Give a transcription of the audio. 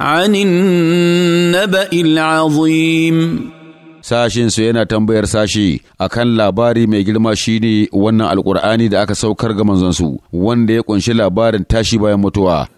عن النبأ العظيم su yana tambayar sashi akan labari mai girma shine wannan alkur'ani da aka saukar ga manzansu wanda ya kunshi labarin tashi bayan mutuwa